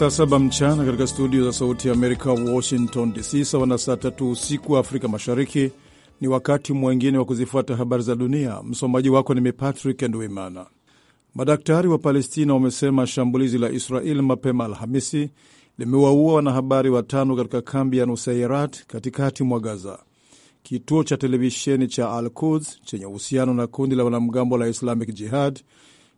saa saba mchana katika studio za Sauti ya Amerika, Washington DC, sawa na saa tatu usiku wa Afrika Mashariki. Ni wakati mwengine wa kuzifuata habari za dunia. Msomaji wako ni Mipatrick Ndwimana. Madaktari wa Palestina wamesema shambulizi la Israel mapema Alhamisi limewaua wanahabari watano katika kambi ya Nusairat katikati mwa Gaza. Kituo cha televisheni cha Al Quds chenye uhusiano na kundi la wanamgambo la Islamic Jihad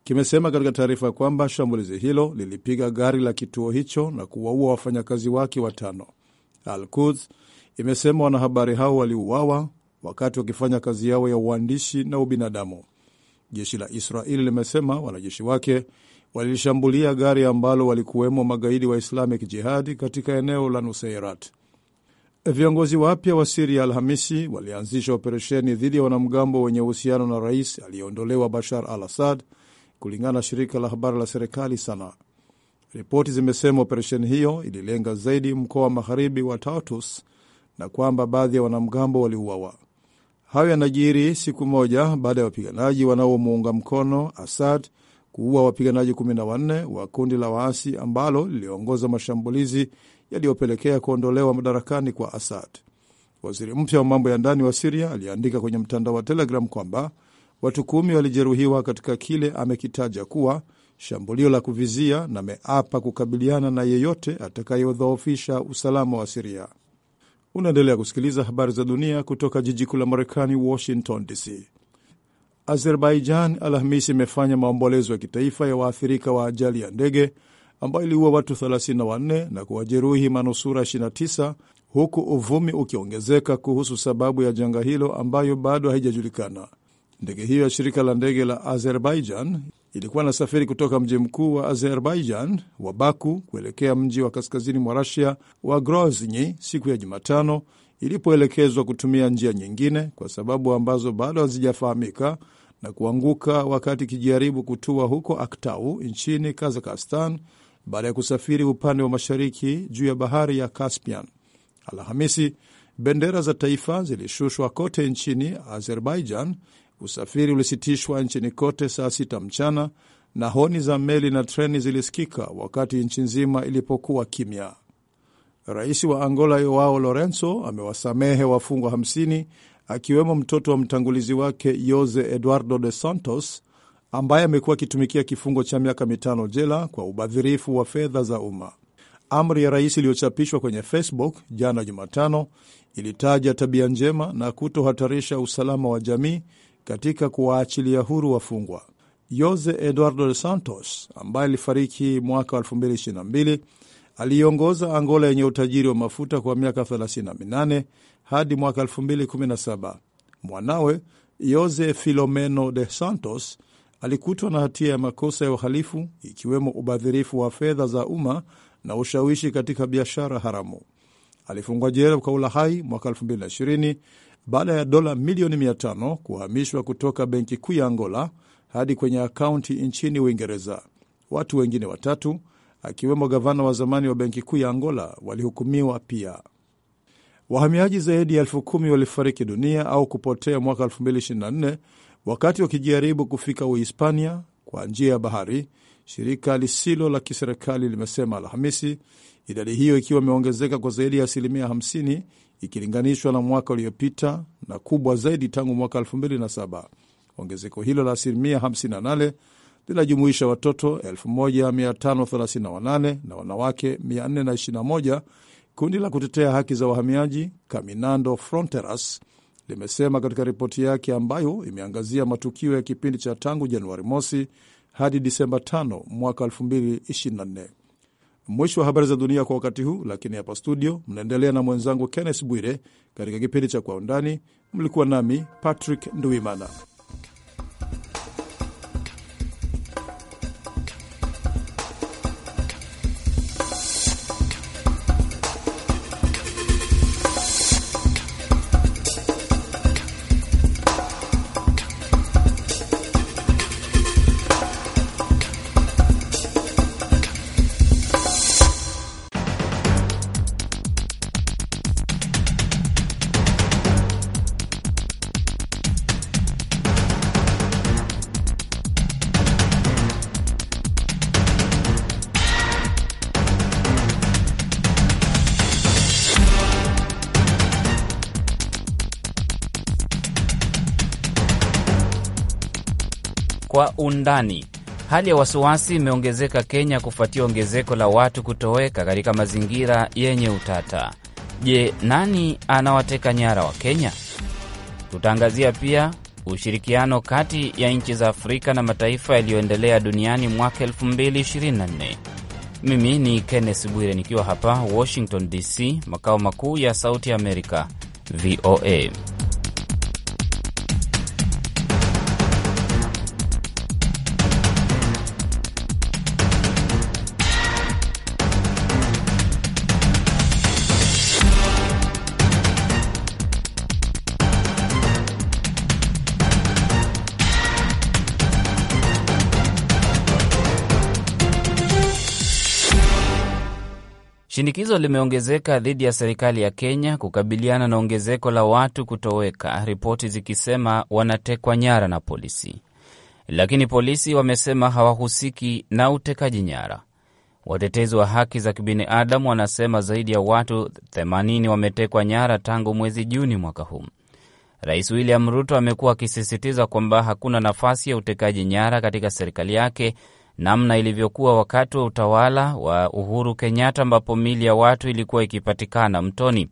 kimesema katika taarifa kwamba shambulizi hilo lilipiga gari la kituo hicho na kuwaua wafanyakazi wake watano. Al Quds imesema wanahabari hao waliuawa wakati wakifanya kazi yao ya uandishi na ubinadamu. Jeshi la Israeli limesema wanajeshi wake walilishambulia gari ambalo walikuwemo magaidi wa Islamic Jihadi katika eneo la Nuseirat. Viongozi wapya wa Siria Alhamisi walianzisha operesheni dhidi ya wanamgambo wenye uhusiano na rais aliyeondolewa Bashar al Assad kulingana na shirika la habari la serikali Sana. Ripoti zimesema operesheni hiyo ililenga zaidi mkoa wa magharibi wa Tartus na kwamba baadhi ya wanamgambo waliuawa. Hayo yanajiri siku moja baada ya wapiganaji wanaomuunga mkono Assad kuua wapiganaji 14 wa kundi la waasi ambalo liliongoza mashambulizi yaliyopelekea kuondolewa madarakani kwa Assad. Waziri mpya wa mambo ya ndani wa Siria aliandika kwenye mtandao wa Telegram kwamba Watu kumi walijeruhiwa katika kile amekitaja kuwa shambulio la kuvizia na ameapa kukabiliana na yeyote atakayodhoofisha usalama wa Siria. Unaendelea kusikiliza habari za dunia kutoka jiji kuu la Marekani, Washington DC. Azerbaijan Alhamisi imefanya maombolezo ya kitaifa ya waathirika wa ajali ya ndege ambayo iliua watu 34 na kuwajeruhi manusura 29 huku uvumi ukiongezeka kuhusu sababu ya janga hilo ambayo bado haijajulikana. Ndege hiyo ya shirika la ndege la Azerbaijan ilikuwa inasafiri kutoka mji mkuu wa Azerbaijan wa Baku kuelekea mji wa kaskazini mwa Rusia wa Grozny siku ya Jumatano, ilipoelekezwa kutumia njia nyingine kwa sababu ambazo bado hazijafahamika na kuanguka wakati ikijaribu kutua huko Aktau nchini Kazakhstan baada ya kusafiri upande wa mashariki juu ya bahari ya Caspian. Alhamisi, bendera za taifa zilishushwa kote nchini Azerbaijan Usafiri ulisitishwa nchini kote saa sita mchana na honi za meli na treni zilisikika wakati nchi nzima ilipokuwa kimya. Rais wa Angola yoao Lorenzo amewasamehe wafungwa 50 akiwemo mtoto wa mtangulizi wake Jose Eduardo de Santos ambaye amekuwa akitumikia kifungo cha miaka mitano jela kwa ubadhirifu wa fedha za umma. Amri ya rais iliyochapishwa kwenye Facebook jana Jumatano ilitaja tabia njema na kutohatarisha usalama wa jamii katika kuwaachilia huru wafungwa. Jose Eduardo de Santos ambaye alifariki mwaka 2022 aliiongoza Angola yenye utajiri wa mafuta kwa miaka 38 hadi mwaka 2017. Mwanawe Jose Filomeno de Santos alikutwa na hatia ya makosa ya uhalifu ikiwemo ubadhirifu wa fedha za umma na ushawishi katika biashara haramu. Alifungwa jela kwa ulahai mwaka baada ya dola milioni 500 kuhamishwa kutoka benki kuu ya Angola hadi kwenye akaunti nchini Uingereza. Watu wengine watatu akiwemo gavana wa zamani wa benki kuu ya Angola walihukumiwa pia. Wahamiaji zaidi ya elfu kumi walifariki dunia au kupotea mwaka 2024 wakati wakijaribu kufika Uhispania kwa njia ya bahari, shirika lisilo la kiserikali limesema Alhamisi, idadi hiyo ikiwa imeongezeka kwa zaidi ya asilimia ikilinganishwa na mwaka uliopita na kubwa zaidi tangu mwaka 2007. Ongezeko hilo la asilimia 58 linajumuisha watoto 1538 na wanawake 421. Kundi la kutetea haki za wahamiaji Caminando Fronteras limesema katika ripoti yake ambayo imeangazia matukio ya kipindi cha tangu Januari mosi hadi Disemba 5 mwaka 2024. Mwisho wa habari za dunia kwa wakati huu, lakini hapa studio mnaendelea na mwenzangu Kenneth Bwire katika kipindi cha Kwa Undani. Mlikuwa nami Patrick Nduimana. Kwa undani. Hali ya wasiwasi imeongezeka Kenya kufuatia ongezeko la watu kutoweka katika mazingira yenye utata. Je, nani anawateka nyara wa Kenya? Tutaangazia pia ushirikiano kati ya nchi za Afrika na mataifa yaliyoendelea duniani mwaka 2024. Mimi ni Kenneth Bwire nikiwa hapa Washington DC, makao makuu ya Sauti ya Amerika, VOA. Shinikizo limeongezeka dhidi ya serikali ya Kenya kukabiliana na ongezeko la watu kutoweka, ripoti zikisema wanatekwa nyara na polisi, lakini polisi wamesema hawahusiki na utekaji nyara. Watetezi wa haki za kibinadamu wanasema zaidi ya watu 80 wametekwa nyara tangu mwezi Juni mwaka huu. Rais William Ruto amekuwa akisisitiza kwamba hakuna nafasi ya utekaji nyara katika serikali yake namna ilivyokuwa wakati wa utawala wa Uhuru Kenyatta, ambapo mili ya watu ilikuwa ikipatikana mtoni.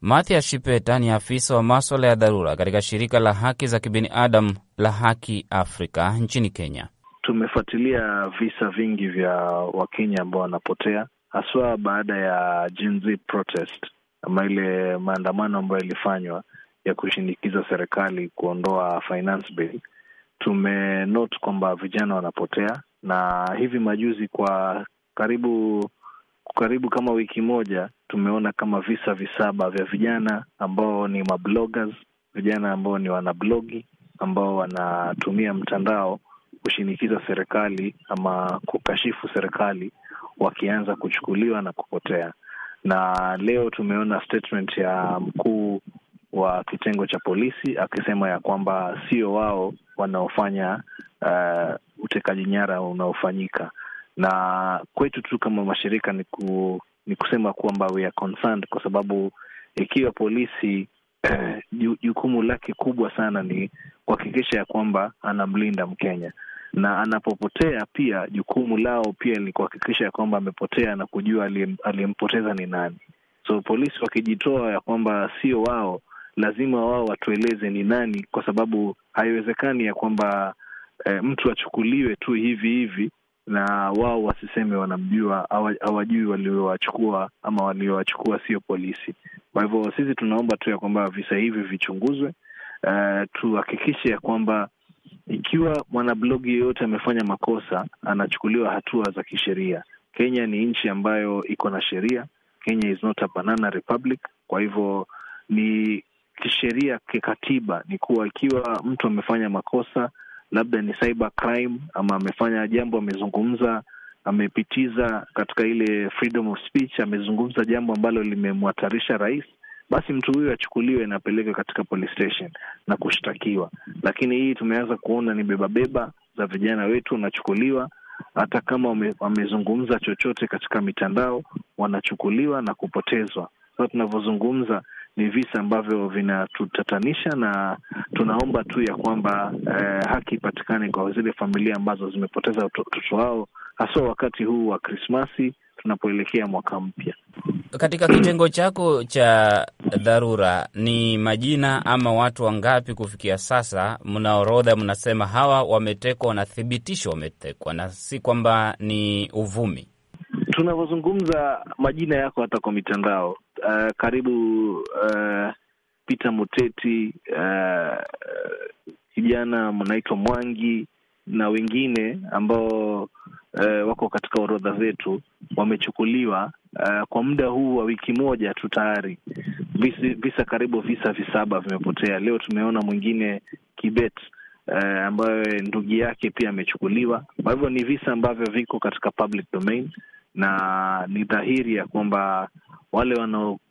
Mathias Shipeta ni afisa wa maswala ya dharura katika shirika la haki za kibinadamu la Haki Afrika nchini Kenya. Tumefuatilia visa vingi vya Wakenya ambao wanapotea haswa baada ya Gen Z protest ama ile maandamano ambayo ilifanywa ya kushinikiza serikali kuondoa finance bill. kwamba vijana wanapotea na hivi majuzi kwa karibu karibu kama wiki moja tumeona kama visa visaba vya vijana ambao ni mabloggers, vijana ambao ni wanablogi ambao wanatumia mtandao kushinikiza serikali ama kukashifu serikali, wakianza kuchukuliwa na kupotea. Na leo tumeona statement ya mkuu wa kitengo cha polisi akisema ya kwamba sio wao wanaofanya uh, utekaji nyara unaofanyika, na kwetu tu kama mashirika ni, ku, ni kusema kwamba we are concerned, kwa sababu ikiwa polisi jukumu lake kubwa sana ni kuhakikisha ya kwamba anamlinda Mkenya na anapopotea pia jukumu lao pia ni kuhakikisha ya kwamba amepotea na kujua aliyempoteza ni nani. So polisi wakijitoa ya kwamba sio wao, lazima wao watueleze ni nani, kwa sababu haiwezekani ya kwamba e, mtu achukuliwe tu hivi hivi na wao wasiseme wanamjua, hawajui waliowachukua ama waliowachukua sio polisi. Kwa hivyo sisi tunaomba tu ya kwamba visa hivi vichunguzwe, e, tuhakikishe ya kwamba ikiwa mwanablogi yeyote amefanya makosa anachukuliwa hatua za kisheria. Kenya ni nchi ambayo iko na sheria. Kenya is not a banana republic. Kwa hivyo ni kisheria, kikatiba, ni kuwa ikiwa mtu amefanya makosa labda ni cyber crime, ama amefanya jambo, amezungumza, amepitiza katika ile freedom of speech, amezungumza jambo ambalo limemhatarisha rais, basi mtu huyu achukuliwe na apelekwe katika police station na kushtakiwa. Lakini hii tumeanza kuona ni bebabeba za vijana wetu, wanachukuliwa hata kama wamezungumza chochote katika mitandao, wanachukuliwa na kupotezwa. Sasa tunavyozungumza ni visa ambavyo vinatutatanisha, na tunaomba tu ya kwamba eh, haki ipatikane kwa zile familia ambazo zimepoteza watoto wao, haswa wakati huu wa Krismasi tunapoelekea mwaka mpya. Katika kitengo chako cha dharura, ni majina ama watu wangapi kufikia sasa? Mna orodha, mnasema hawa wametekwa, wanathibitishwa wametekwa, na si kwamba ni uvumi? Tunavyozungumza majina yako hata kwa mitandao uh, karibu uh, Peter Muteti uh, kijana anaitwa Mwangi na wengine ambao uh, wako katika orodha zetu wamechukuliwa uh, kwa muda huu wa wiki moja tu tayari visa, visa karibu visa visaba vimepotea. Leo tumeona mwingine Kibet eh, ambayo ndugu yake pia amechukuliwa. Kwa hivyo ni visa ambavyo viko katika public domain, na ni dhahiri ya kwamba wale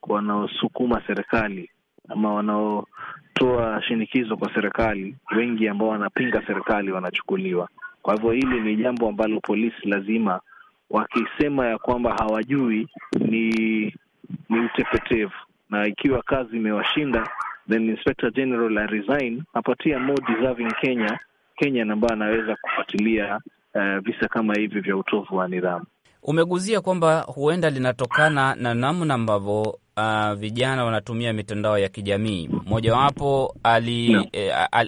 wanaosukuma serikali ama wanaotoa shinikizo kwa serikali, wengi ambao wanapinga serikali wanachukuliwa. Kwa hivyo hili ni jambo ambalo polisi lazima wakisema ya kwamba hawajui ni ni utepetevu, na ikiwa kazi imewashinda then inspector general resign apatia more deserving Kenya Kenyan ambayo anaweza kufuatilia uh, eh, visa kama hivi vya utovu wa nidhamu. Umeguzia kwamba huenda linatokana na namna ambavyo uh, vijana wanatumia mitandao ya kijamii. Mmojawapo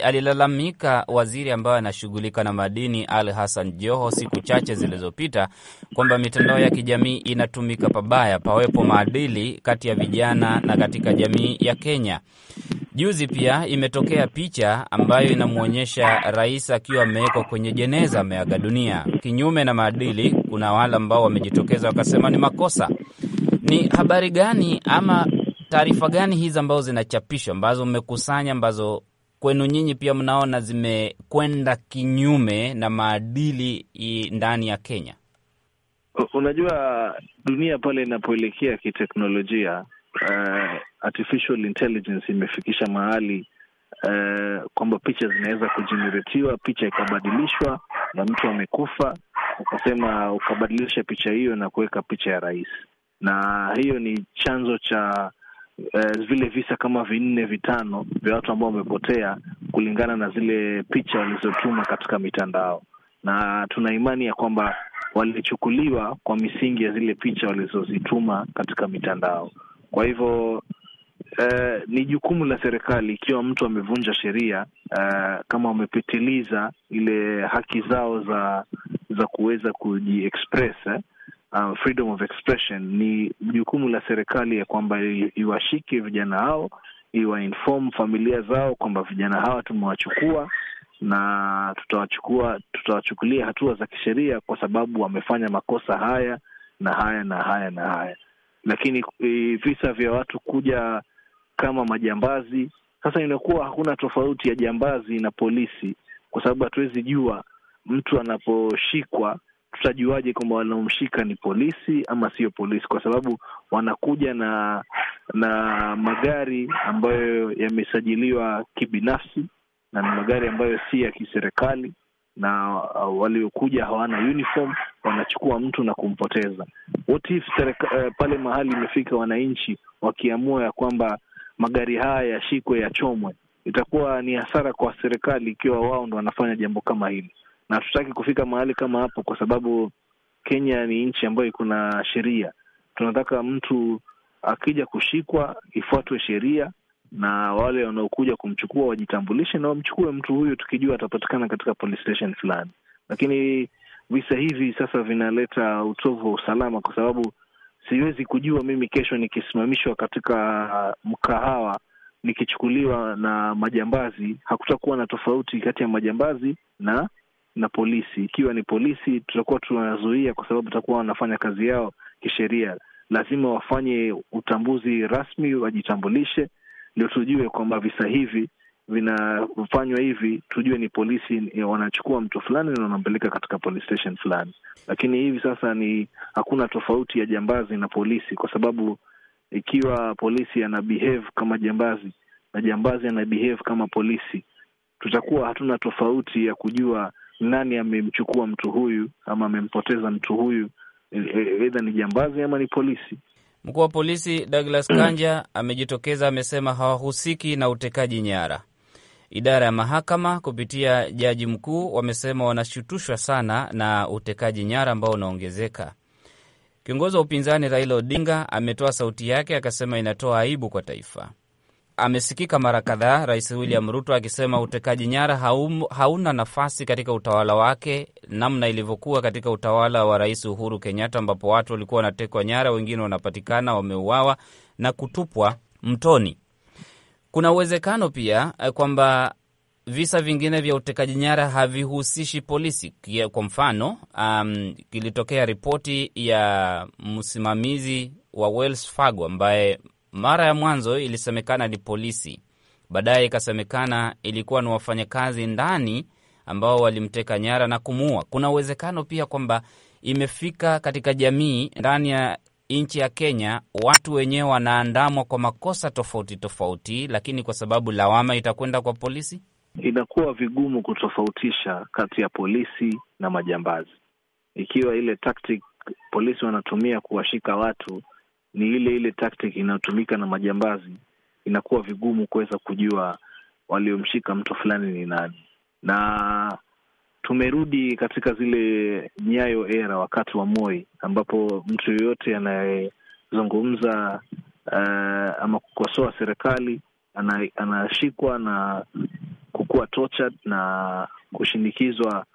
alilalamika no. eh, al, waziri ambaye anashughulika na madini Al Hassan Joho siku chache zilizopita kwamba mitandao ya kijamii inatumika pabaya, pawepo maadili kati ya vijana na katika jamii ya Kenya. Juzi pia imetokea picha ambayo inamwonyesha rais akiwa amewekwa kwenye jeneza, ameaga dunia. Kinyume na maadili, kuna wale ambao wamejitokeza wakasema ni makosa ni habari gani ama taarifa gani hizi ambazo zinachapishwa ambazo mmekusanya ambazo kwenu nyinyi pia mnaona zimekwenda kinyume na maadili ndani ya Kenya? Unajua, dunia pale inapoelekea kiteknolojia, uh, artificial intelligence imefikisha mahali uh, kwamba picha zinaweza kujeneretiwa, picha ikabadilishwa na mtu amekufa ukasema ukabadilisha picha hiyo na kuweka picha ya rais na hiyo ni chanzo cha eh, vile visa kama vinne vitano vya watu ambao wamepotea kulingana na zile picha walizotuma katika mitandao, na tuna imani ya kwamba walichukuliwa kwa misingi ya zile picha walizozituma katika mitandao. Kwa hivyo eh, ni jukumu la serikali ikiwa mtu amevunja sheria eh, kama wamepitiliza ile haki zao za za kuweza kujiexpress eh, uh, freedom of expression, ni jukumu la serikali ya kwamba iwashike vijana hao, iwainform familia zao kwamba vijana hawa tumewachukua na tutawachukua, tutawachukulia hatua za kisheria kwa sababu wamefanya makosa haya na haya na haya na haya. Lakini visa vya watu kuja kama majambazi, sasa inakuwa hakuna tofauti ya jambazi na polisi, kwa sababu hatuwezi jua mtu anaposhikwa tutajuaje kwamba wanaomshika ni polisi ama sio polisi? Kwa sababu wanakuja na na magari ambayo yamesajiliwa kibinafsi na ni magari ambayo si ya kiserikali, na uh, waliokuja hawana uniform, wanachukua mtu na kumpoteza. What if uh, pale mahali imefika wananchi wakiamua ya kwamba magari haya yashikwe, yachomwe, itakuwa ni hasara kwa serikali ikiwa wao ndo wanafanya jambo kama hili na hatutaki kufika mahali kama hapo, kwa sababu Kenya ni nchi ambayo iko na sheria. Tunataka mtu akija kushikwa ifuatwe sheria, na wale wanaokuja kumchukua wajitambulishe na wamchukue mtu huyu, tukijua atapatikana katika police station fulani. Lakini visa hivi sasa vinaleta utovu wa usalama, kwa sababu siwezi kujua mimi kesho nikisimamishwa katika mkahawa nikichukuliwa na majambazi, hakutakuwa na tofauti kati ya majambazi na na polisi. Ikiwa ni polisi, tutakuwa tunazuia kwa sababu tutakuwa wanafanya kazi yao kisheria. Lazima wafanye utambuzi rasmi, wajitambulishe, ndio tujue kwamba visa hivi vinafanywa hivi, tujue ni polisi wanachukua mtu fulani na wanampeleka katika police station fulani. Lakini hivi sasa ni hakuna tofauti ya jambazi na polisi, kwa sababu ikiwa polisi ana behave kama jambazi na jambazi ana behave kama polisi, tutakuwa hatuna tofauti ya kujua nani amemchukua mtu huyu ama amempoteza mtu huyu, aidha e, e, ni jambazi ama ni polisi. Mkuu wa polisi Douglas Kanja amejitokeza, amesema hawahusiki na utekaji nyara. Idara ya mahakama kupitia jaji mkuu wamesema wanashutushwa sana na utekaji nyara ambao unaongezeka. Kiongozi wa upinzani Raila Odinga ametoa sauti yake, akasema inatoa aibu kwa taifa amesikika mara kadhaa Rais William mm. Ruto akisema utekaji nyara haum, hauna nafasi katika utawala wake, namna ilivyokuwa katika utawala wa Rais Uhuru Kenyatta, ambapo watu walikuwa wanatekwa nyara, wengine wanapatikana wameuawa na kutupwa mtoni. Kuna uwezekano pia eh, kwamba visa vingine vya utekaji nyara havihusishi polisi. Kwa mfano, um, kilitokea ripoti ya msimamizi wa Wells Fargo ambaye mara ya mwanzo ilisemekana ni polisi, baadaye ikasemekana ilikuwa ni wafanyakazi ndani ambao walimteka nyara na kumuua. Kuna uwezekano pia kwamba imefika katika jamii ndani ya nchi ya Kenya, watu wenyewe wanaandamwa kwa makosa tofauti tofauti, lakini kwa sababu lawama itakwenda kwa polisi, inakuwa vigumu kutofautisha kati ya polisi na majambazi. Ikiwa ile tactic polisi wanatumia kuwashika watu ni ile ile tactic inayotumika na majambazi, inakuwa vigumu kuweza kujua waliomshika mtu fulani ni nani. Na tumerudi katika zile Nyayo era, wakati wa Moi, ambapo mtu yoyote anayezungumza uh, ama kukosoa serikali anashikwa na kukuwa tortured na kushinikizwa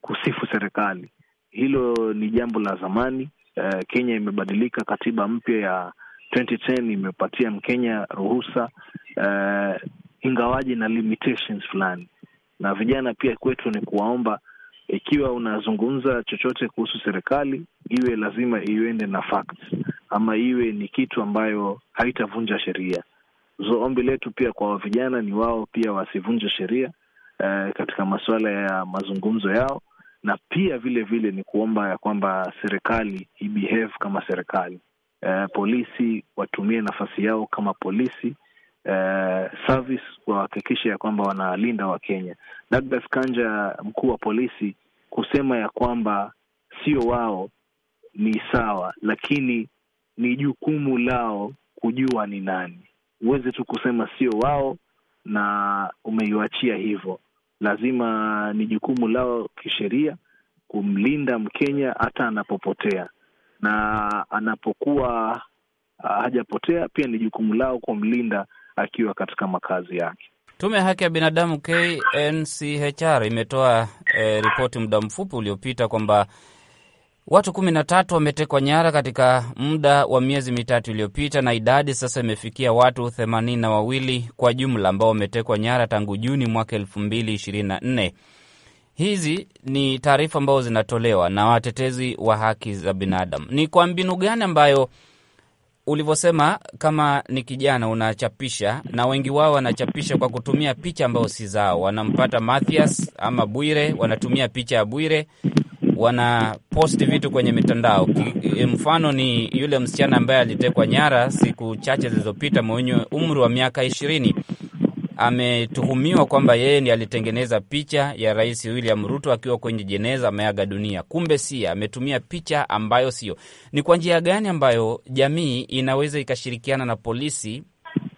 kusifu serikali. Hilo ni jambo la zamani Eh, Kenya imebadilika katiba mpya ya 2010 imepatia Mkenya ruhusa uh, eh, ingawaji na limitations fulani. Na vijana pia kwetu ni kuwaomba, ikiwa unazungumza chochote kuhusu serikali, iwe lazima iende na facts, ama iwe ni kitu ambayo haitavunja sheria. So ombi letu pia kwa vijana ni wao pia wasivunje sheria uh, katika masuala ya mazungumzo yao na pia vile vile ni kuomba ya kwamba serikali ibehave kama serikali. Uh, polisi watumie nafasi yao kama polisi. Uh, service wahakikishe ya kwamba wanalinda Wakenya. Douglas Kanja, mkuu wa polisi, kusema ya kwamba sio wao ni sawa, lakini ni jukumu lao kujua ni nani. Huwezi tu kusema sio wao na umeiwachia hivyo lazima ni jukumu lao kisheria kumlinda Mkenya hata anapopotea na anapokuwa ah, hajapotea pia ni jukumu lao kumlinda akiwa katika makazi yake. Tume ya Haki ya Binadamu KNCHR imetoa eh, ripoti muda mfupi uliopita kwamba Watu 13 wametekwa nyara katika muda wa miezi mitatu iliyopita na idadi sasa imefikia watu 82 na wawili kwa jumla ambao wametekwa nyara tangu Juni mwaka elfu Hizi ni taarifa ambazo zinatolewa na watetezi wa haki za binadamu. Ni kwa mbinu gani ambayo ulivyosema, kama ni kijana unachapisha, na wengi wao wanachapisha kwa kutumia picha ambazo si zao. Wanampata Mathias ama Bwire, wanatumia picha ya Bwire wanaposti vitu kwenye mitandao. E, mfano ni yule msichana ambaye alitekwa nyara siku chache zilizopita, mwenye umri wa miaka ishirini ametuhumiwa kwamba yeye ndiye alitengeneza picha ya Rais William Ruto akiwa kwenye jeneza, ameaga dunia. Kumbe si ametumia picha ambayo sio. Ni kwa njia gani ambayo jamii inaweza ikashirikiana na polisi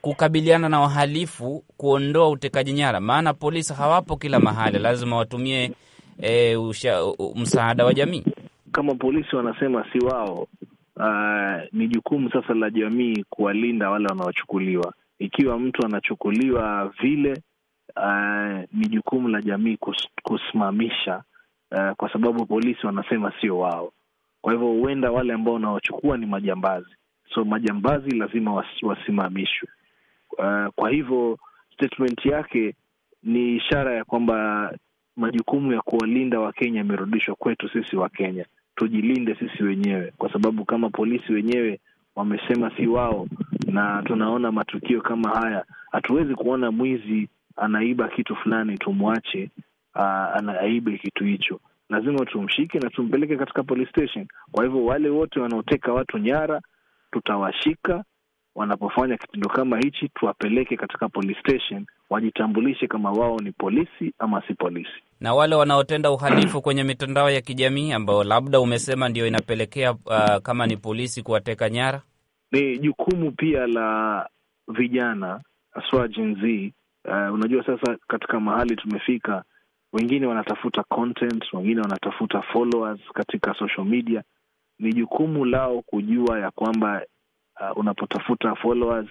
kukabiliana na wahalifu, kuondoa utekaji nyara? Maana polisi hawapo kila mahali, lazima watumie e, usha, u, msaada wa jamii? Kama polisi wanasema si wao, uh, ni jukumu sasa la jamii kuwalinda wale wanaochukuliwa. Ikiwa mtu anachukuliwa vile, uh, ni jukumu la jamii kus, kusimamisha uh, kwa sababu polisi wanasema sio wao. Kwa hivyo huenda wale ambao wanaochukua ni majambazi, so majambazi lazima was, wasimamishwe. Uh, kwa hivyo statement yake ni ishara ya kwamba majukumu ya kuwalinda Wakenya yamerudishwa kwetu sisi Wakenya. Tujilinde sisi wenyewe, kwa sababu kama polisi wenyewe wamesema si wao, na tunaona matukio kama haya, hatuwezi kuona mwizi anaiba kitu fulani tumwache anaibe kitu hicho. Lazima tumshike na tumpeleke katika police station. Kwa hivyo wale wote wanaoteka watu nyara, tutawashika wanapofanya kitendo kama hichi, tuwapeleke katika police station wajitambulishe kama wao ni polisi ama si polisi. Na wale wanaotenda uhalifu kwenye mitandao ya kijamii ambao labda umesema ndio inapelekea uh, kama ni polisi kuwateka nyara, ni jukumu pia la vijana haswa Gen Z. Uh, unajua sasa katika mahali tumefika, wengine wanatafuta content, wengine wanatafuta followers katika social media. Ni jukumu lao kujua ya kwamba uh, unapotafuta followers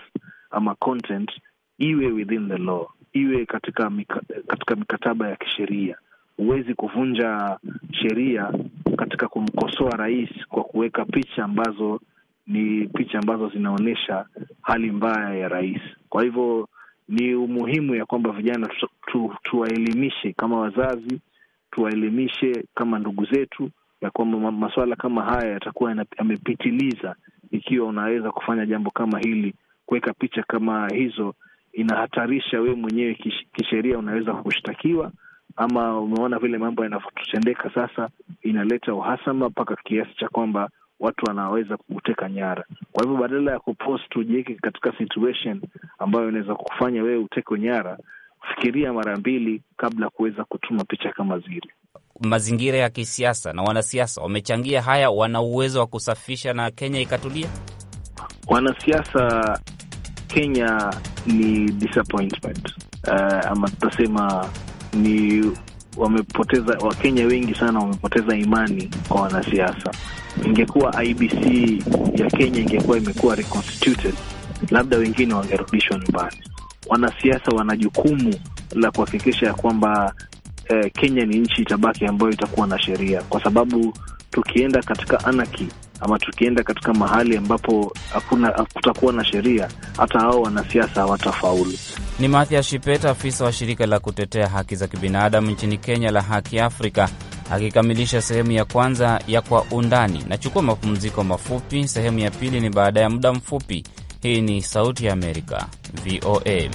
ama content iwe within the law, iwe katika mika, katika mikataba ya kisheria. Huwezi kuvunja sheria katika kumkosoa rais kwa kuweka picha ambazo ni picha ambazo zinaonyesha hali mbaya ya rais. Kwa hivyo ni umuhimu ya kwamba vijana tu, tu, tuwaelimishe kama wazazi, tuwaelimishe kama ndugu zetu ya kwamba masuala kama haya yatakuwa yamepitiliza ikiwa unaweza kufanya jambo kama hili, kuweka picha kama hizo inahatarisha wewe mwenyewe kisheria, unaweza kushtakiwa ama umeona vile mambo yanavyotendeka sasa, inaleta uhasama mpaka kiasi cha kwamba watu wanaweza kuteka nyara. Kwa hivyo badala ya kupost ujiweke katika situation ambayo inaweza kufanya wewe utekwe nyara, fikiria mara mbili kabla kuweza kutuma picha kama zile. Mazingira ya kisiasa na wanasiasa wamechangia haya, wana uwezo wa kusafisha na Kenya ikatulia. Wanasiasa Kenya ni disappointment uh, ama tutasema ni wamepoteza Wakenya wengi sana wamepoteza imani kwa wanasiasa. Ingekuwa IBC ya Kenya ingekuwa imekuwa reconstituted, labda wengine wangerudishwa nyumbani. Wanasiasa wana jukumu la kuhakikisha ya kwamba eh, Kenya ni nchi itabaki ambayo itakuwa na sheria, kwa sababu tukienda katika anarchy ama tukienda katika mahali ambapo hakuna kutakuwa na sheria, hata hao wanasiasa hawatafaulu. Ni Mathias shipet afisa wa shirika la kutetea haki za kibinadamu nchini Kenya la Haki Afrika, akikamilisha sehemu ya kwanza ya Kwa Undani. Nachukua mapumziko mafupi, sehemu ya pili ni baada ya muda mfupi. Hii ni Sauti ya Amerika, VOA.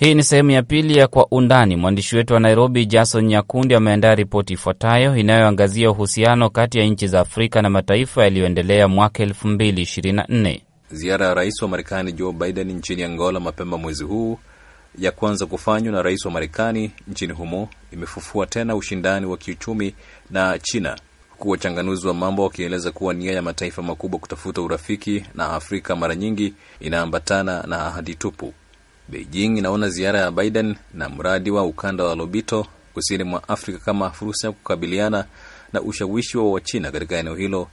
Hii ni sehemu ya pili ya Kwa Undani. Mwandishi wetu wa Nairobi, Jason Nyakundi, ameandaa ripoti ifuatayo inayoangazia uhusiano kati ya nchi za Afrika na mataifa yaliyoendelea mwaka 2024. Ziara ya rais wa Marekani Joe Biden nchini Angola mapema mwezi huu, ya kwanza kufanywa na rais wa Marekani nchini humo, imefufua tena ushindani wa kiuchumi na China, huku wachanganuzi wa mambo wakieleza kuwa nia ya mataifa makubwa kutafuta urafiki na Afrika mara nyingi inaambatana na ahadi tupu. Beijing inaona ziara ya Biden na mradi wa ukanda wa Lobito kusini mwa Afrika kama fursa ya kukabiliana na ushawishi wa Wachina katika eneo hilo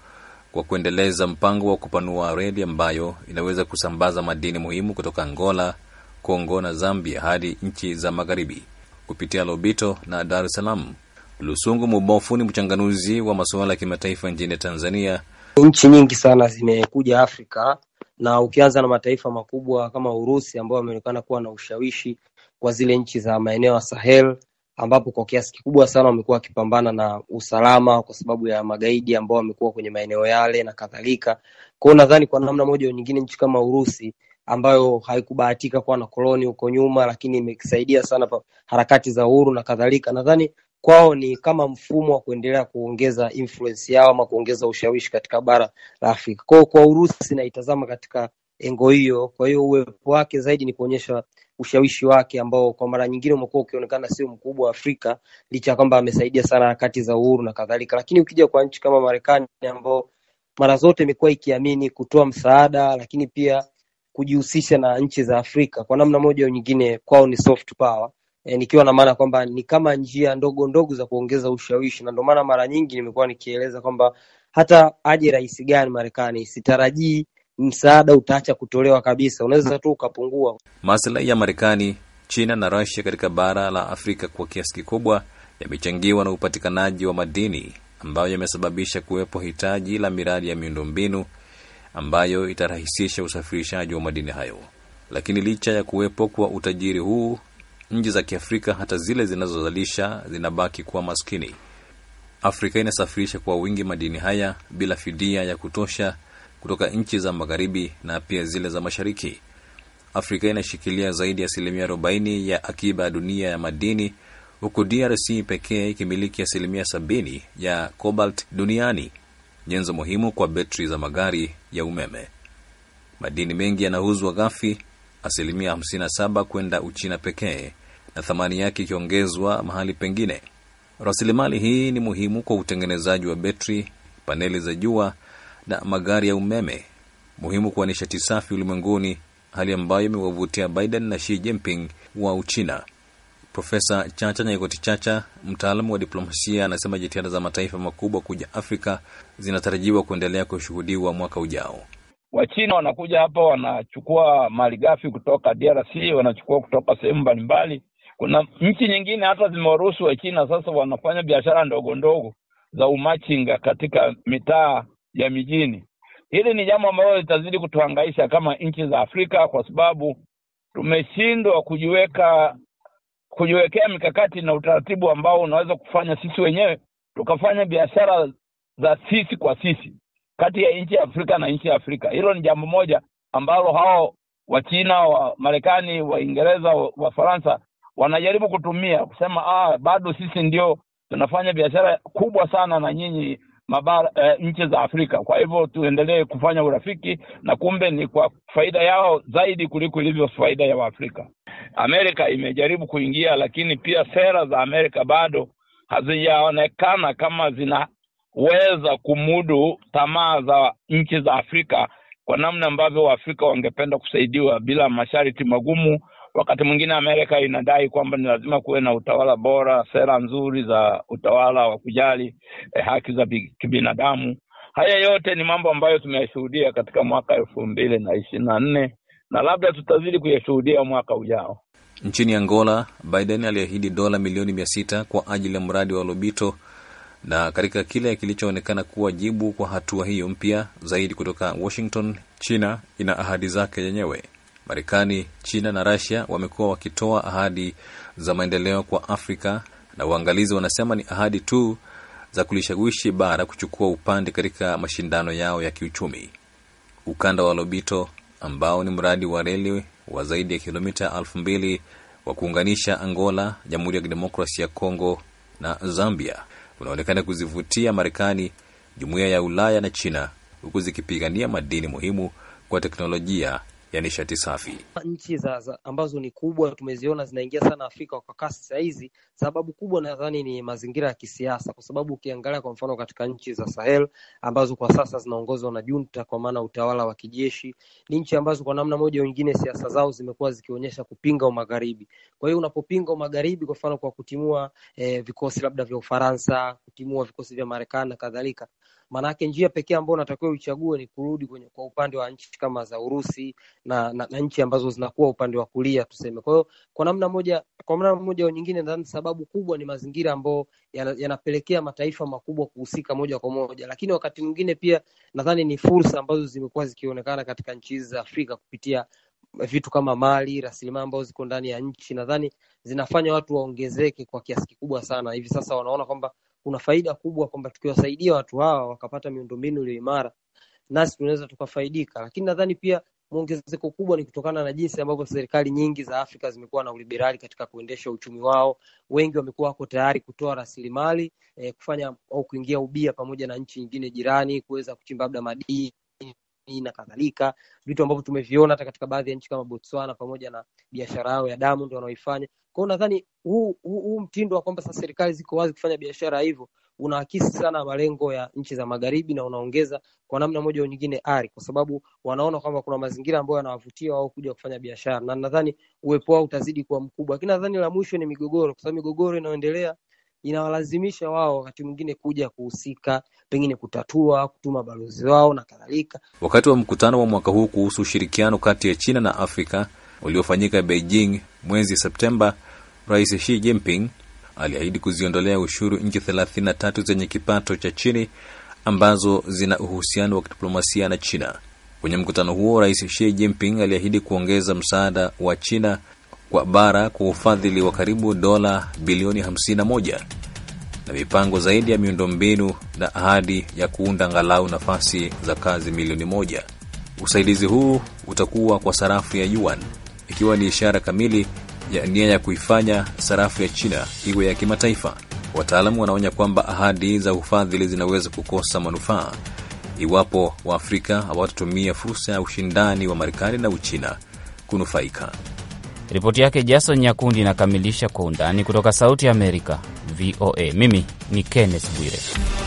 kwa kuendeleza mpango wa kupanua reli ambayo inaweza kusambaza madini muhimu kutoka Angola, Kongo na Zambia hadi nchi za magharibi kupitia Lobito na Dar es Salaam. Lusungu Mubofu ni mchanganuzi wa masuala ya kimataifa nchini Tanzania. Nchi nyingi sana zimekuja Afrika na ukianza na mataifa makubwa kama Urusi ambao wameonekana kuwa na ushawishi kwa zile nchi za maeneo ya Sahel ambapo kwa kiasi kikubwa sana wamekuwa wakipambana na usalama kwa sababu ya magaidi ambao wamekuwa kwenye maeneo yale na kadhalika. Kwa nadhani kwa namna moja au nyingine, nchi kama Urusi ambayo haikubahatika kuwa na koloni huko nyuma, lakini imesaidia sana harakati za uhuru na kadhalika, nadhani kwao ni kama mfumo wa kuendelea kuongeza influence yao ama kuongeza ushawishi katika bara la Afrika. Kwao kwa Urusi naitazama katika engo hiyo. Kwa hiyo uwepo wake zaidi ni kuonyesha ushawishi wake ambao kwa mara nyingine umekuwa ukionekana sio mkubwa wa Afrika, licha ya kwamba amesaidia sana harakati za uhuru na kadhalika. Lakini ukija kwa nchi kama Marekani ambao mara zote imekuwa ikiamini kutoa msaada, lakini pia kujihusisha na nchi za Afrika kwa namna moja au nyingine, kwao ni soft power e, nikiwa na maana kwamba ni kama njia ndogo ndogo za kuongeza ushawishi, na ndio maana mara nyingi nimekuwa nikieleza kwamba hata aje rais gani Marekani, sitarajii msaada utaacha kutolewa kabisa, unaweza tu ukapungua. Maslahi ya Marekani, China na Russia katika bara la Afrika kwa kiasi kikubwa yamechangiwa na upatikanaji wa madini ambayo yamesababisha kuwepo hitaji la miradi ya miundombinu ambayo itarahisisha usafirishaji wa madini hayo. Lakini licha ya kuwepo kwa utajiri huu, nchi za Kiafrika, hata zile zinazozalisha zinabaki kuwa maskini. Afrika inasafirisha kwa wingi madini haya bila fidia ya kutosha kutoka nchi za magharibi na pia zile za mashariki. Afrika inashikilia zaidi ya asilimia 40 ya akiba ya dunia ya madini, huku DRC pekee ikimiliki asilimia 70 ya cobalt duniani, nyenzo muhimu kwa betri za magari ya umeme. Madini mengi yanauzwa ghafi asilimia 57 kwenda Uchina pekee na thamani yake ikiongezwa mahali pengine. Rasilimali hii ni muhimu kwa utengenezaji wa betri, paneli za jua na magari ya umeme, muhimu kwa nishati safi ulimwenguni, hali ambayo imewavutia Biden na Xi Jinping wa Uchina. Profesa Chacha Nyaikoti Chacha, mtaalamu wa diplomasia, anasema jitihada za mataifa makubwa kuja Afrika zinatarajiwa kuendelea kushuhudiwa mwaka ujao. Wachina wanakuja hapa wanachukua malighafi kutoka DRC, wanachukua kutoka sehemu mbalimbali. Kuna nchi nyingine hata zimewaruhusu Wachina sasa wanafanya biashara ndogo ndogo za umachinga katika mitaa ya mijini. Hili ni jambo ambalo litazidi kutuhangaisha kama nchi za Afrika kwa sababu tumeshindwa kujiweka kujiwekea mikakati na utaratibu ambao unaweza kufanya sisi wenyewe tukafanya biashara za sisi kwa sisi kati ya nchi ya Afrika na nchi ya Afrika. Hilo ni jambo moja ambalo hao Wachina wa Marekani, Waingereza, Wafaransa wa wanajaribu kutumia kusema ah, bado sisi ndio tunafanya biashara kubwa sana na nyinyi mabara e, nchi za Afrika, kwa hivyo tuendelee kufanya urafiki, na kumbe ni kwa faida yao zaidi kuliko ilivyo faida ya Waafrika. Amerika imejaribu kuingia, lakini pia sera za Amerika bado hazijaonekana kama zina weza kumudu tamaa za nchi za Afrika kwa namna ambavyo Waafrika wangependa kusaidiwa bila masharti magumu. Wakati mwingine Amerika inadai kwamba ni lazima kuwe na utawala bora, sera nzuri za utawala wa kujali eh, haki za kibinadamu. Haya yote ni mambo ambayo tumeyashuhudia katika mwaka elfu mbili na ishirini na nne na labda tutazidi kuyashuhudia mwaka ujao. Nchini Angola, Biden aliahidi dola milioni mia sita kwa ajili ya mradi wa Lobito na katika kile kilichoonekana kuwa jibu kwa hatua hiyo mpya zaidi kutoka Washington, China ina ahadi zake yenyewe. Marekani, China na rasia wamekuwa wakitoa ahadi za maendeleo kwa Afrika, na waangalizi wanasema ni ahadi tu za kulishawishi bara kuchukua upande katika mashindano yao ya kiuchumi. Ukanda wa Lobito ambao ni mradi wa reli wa zaidi ya kilomita elfu mbili wa kuunganisha Angola, Jamhuri ya Kidemokrasia ya Kongo na Zambia unaonekana kuzivutia Marekani, jumuiya ya Ulaya na China, huku zikipigania madini muhimu kwa teknolojia ya nishati safi. Nchi za, za ambazo ni kubwa tumeziona zinaingia sana Afrika kwa kasi sahizi sababu kubwa nadhani ni mazingira ya kisiasa, kwa sababu ukiangalia kwa mfano katika nchi za Sahel ambazo kwa sasa zinaongozwa na junta, kwa maana utawala wa kijeshi, ni nchi ambazo kwa namna moja nyingine siasa zao zimekuwa zikionyesha kupinga umagharibi. Kwa hiyo unapopinga umagharibi, kwa mfano kwa kutimua eh, vikosi labda vya Ufaransa, kutimua vikosi vya Marekani na kadhalika Maanake njia pekee ambayo unatakiwa uchague ni kurudi kwenye kwa upande wa nchi kama za Urusi na, na, na nchi ambazo zinakuwa upande wa kulia tuseme. Kwa hiyo kwa namna moja kwa namna moja au nyingine, nadhani sababu kubwa ni mazingira ambayo yanapelekea mataifa makubwa kuhusika moja kwa moja, lakini wakati mwingine pia nadhani ni fursa ambazo zimekuwa zikionekana katika nchi hizi za Afrika kupitia vitu kama mali rasilimali ambazo ziko ndani ya nchi, nadhani zinafanya watu waongezeke kwa kiasi kikubwa sana. Hivi sasa wanaona kwamba kuna faida kubwa kwamba tukiwasaidia watu hawa wakapata miundombinu iliyo imara, nasi tunaweza tukafaidika. Lakini nadhani pia mwongezeko kubwa ni kutokana na jinsi ambavyo serikali nyingi za Afrika zimekuwa na uliberali katika kuendesha uchumi wao. Wengi wamekuwa wako tayari kutoa rasilimali eh, kufanya au kuingia ubia pamoja na nchi nyingine jirani kuweza kuchimba labda madini na kadhalika, vitu ambavyo tumeviona hata katika baadhi ya nchi kama Botswana, pamoja na biashara yao ya damu ndio wanaoifanya. Kwa hiyo nadhani huu, huu, hu, mtindo wa kwamba sasa serikali ziko wazi kufanya biashara hivyo unaakisi sana malengo ya nchi za magharibi na unaongeza kwa namna moja au nyingine ari, kwa sababu wanaona kwamba kuna mazingira ambayo yanawavutia wao kuja kufanya biashara, na nadhani uwepo wao utazidi kuwa mkubwa. Lakini nadhani la mwisho ni migogoro, kwa sababu migogoro inayoendelea inawalazimisha wao wakati mwingine kuja kuhusika, pengine kutatua, kutuma balozi wao na kadhalika. Wakati wa mkutano wa mwaka huu kuhusu ushirikiano kati ya China na Afrika uliofanyika Beijing mwezi Septemba, Rais Xi Jinping aliahidi kuziondolea ushuru nchi thelathini na tatu zenye kipato cha chini ambazo zina uhusiano wa kidiplomasia na China. Kwenye mkutano huo, Rais Xi Jinping aliahidi kuongeza msaada wa China kwa bara kwa ufadhili wa karibu dola bilioni 51 na mipango zaidi ya miundombinu na ahadi ya kuunda angalau nafasi za kazi milioni moja. Usaidizi huu utakuwa kwa sarafu ya yuan, ikiwa ni ishara kamili ya nia ya kuifanya sarafu ya China iwe ya kimataifa. Wataalamu wanaonya kwamba ahadi za ufadhili zinaweza kukosa manufaa iwapo Waafrika hawatatumia fursa ya ushindani wa Marekani na Uchina kunufaika. Ripoti yake Jason Nyakundi inakamilisha kwa undani kutoka Sauti ya Amerika, VOA. Mimi ni Kenneth Bwire.